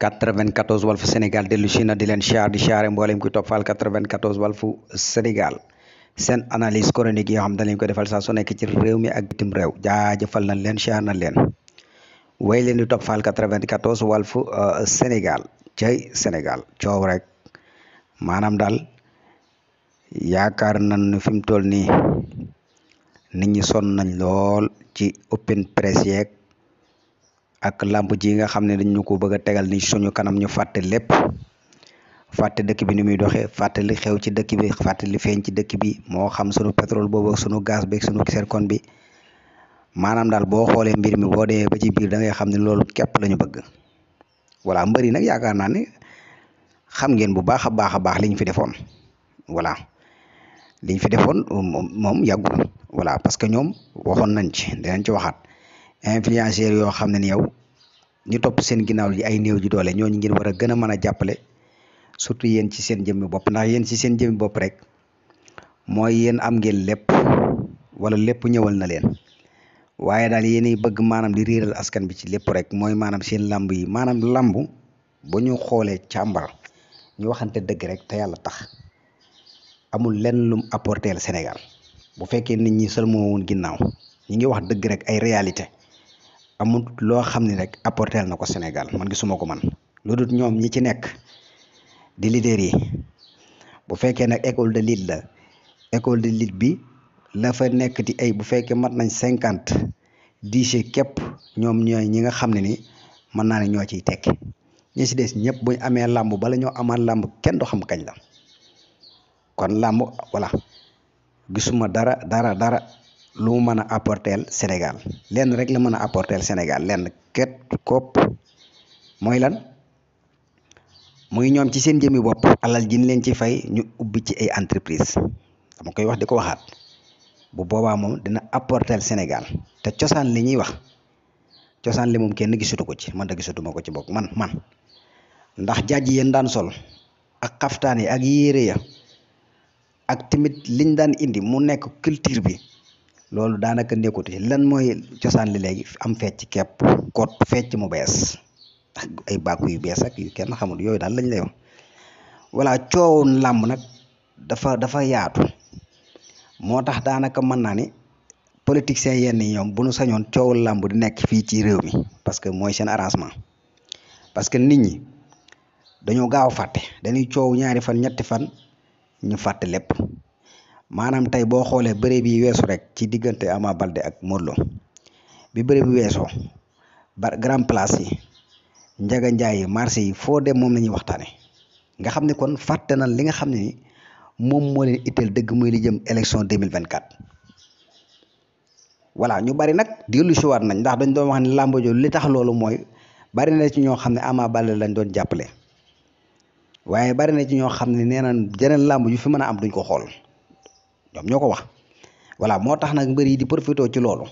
94 Walf Sénégal dellu si na di leen siyaar di siyaare mboolem kuy toppal 94 Walf Sénégal seen analyse chronique yoo xam dañ leen ko defal sa su nekk ci réew mi tim bitim réew jaajëfal nañ leen siyaar na leen way leen di toppal 94 Walf euh, Sénégal cay Sénégal coow rek maanaam daal yaakaar na ne fi mu toll nii nit ñi sonn nañ lool ci open press yeeg ak làmp ji nga xam ne dañ ñu ko bëgg a tegal ni suñu kanam ñu fàtte lépp fàtte dëkk bi nu muy doxee fàtte li xew ci dëkk bi fàtte li feeñ ci dëkk bi moo xam suñu pétrole boobu ak suñu gaz bi ak suñu zircon bi maanaam daal boo xoolee mbir mi boo demee ba ci biir da xam ne loolu képp la ñu bëgg voilà mbër yi nag yaakaar naa ne xam ngeen bu baax a baax a baax liñ fi defoon voilà liñ fi defoon moom yàggul voilà parce que ñoom waxoon nañ ci dinañ ci waxaat influenceurs yoo xam ne ni yow ñu topp seen ginnaaw yi ay néew ji doole ñooñu ngeen war a gën a mën a jàppale surtout yéen ci seen jëmmi bopp ndax yéen ci seen jëmmi bopp rek mooy yéen am ngeen lépp wala lépp ñëwal na leen waaye daal yéenay bëgg maanaam di réeral askan bi ci lépp rek mooy maanaam seen làmb yi maanaam làmb bu ñu xoolee càmbar ñu waxante dëgg rek te yàlla tax amul lenn lum apporter Sénégal bu fekkee nit ñi seulement woon ginnaaw ñu ngi wax dëgg rek ay réalité amul loo xam ne rek apporter na ko Sénégal man gisuma ko man lu dul ñoom ñi ci nekk di leader yi bu fekkee nag école de lutte la école de lutte bi la fa nekk ti ay bu fekkee mat nañ cinquante dix képp ñoom ñooy ñi nga xam ne ni mën naa ne ñoo ciy tekki ñi si des ñëpp buñ amee làmb bala ñoo amaan làmb kenn du xam kañ la kon làmb voilà gisuma dara dara dara. lu mu mën a apporteel Sénégal lenn rek la mën a apporteel Sénégal leen ket kopp mooy lan muy ñoom ci seen jëmmi bopp alal jin leen ci fay ñu ubbi ci ay entreprise dama koy wax di ko waxaat bu boobaa moom dina apporteel Sénégal te cosaan li ñuy wax cosaan li moom kenn gisatu ko ci man da gisatu ko ci bokk man man ndax jaaj yéen daan sol ak xaftaan yi ak yére ya ak tamit liñ daan indi mu nekk culture bi loolu daanaka nekkuti lan mooy cosaan li léegi am fecc kepp kot fecc mu bees ay bàkku yu bees ak yu kenn xamul yooyu daal lañ lay wax voilà coowu làmb nag dafa dafa yaatu moo tax daanaka mën naa ni politiciens yenn yi bu nu sañoon coowu làmb di nekk fii ci réew mi parce que mooy seen arrangement parce que nit ñi dañoo gaaw fàtte dañuy coow ñaari fan ñetti fan ñu fàtte lépp maanaam tey boo xoolee bëre bi weesu rek ci diggante Ama Baldé ak Modou bi bëre weesoo ba grand place yi njaga njaay yi marché yi foo dem moom la ñuy waxtaane nga xam ne kon fàtte na li nga xam ne ni moom moo leen itteel dëgg muy li jëm vingt 2024 voilà ñu bari nag dellu si waat nañ ndax dañ doon wax ne làmb jooju li tax loolu mooy bari na ci ñoo xam ne amaa Baldé lañ doon jàppale waaye bari na ci ñoo xam ne nee na jeneen làmb ju fi mën a am duñ ko xool ñoom ñoo ko wax voilà moo tax nag mbër yi di profité ci loolu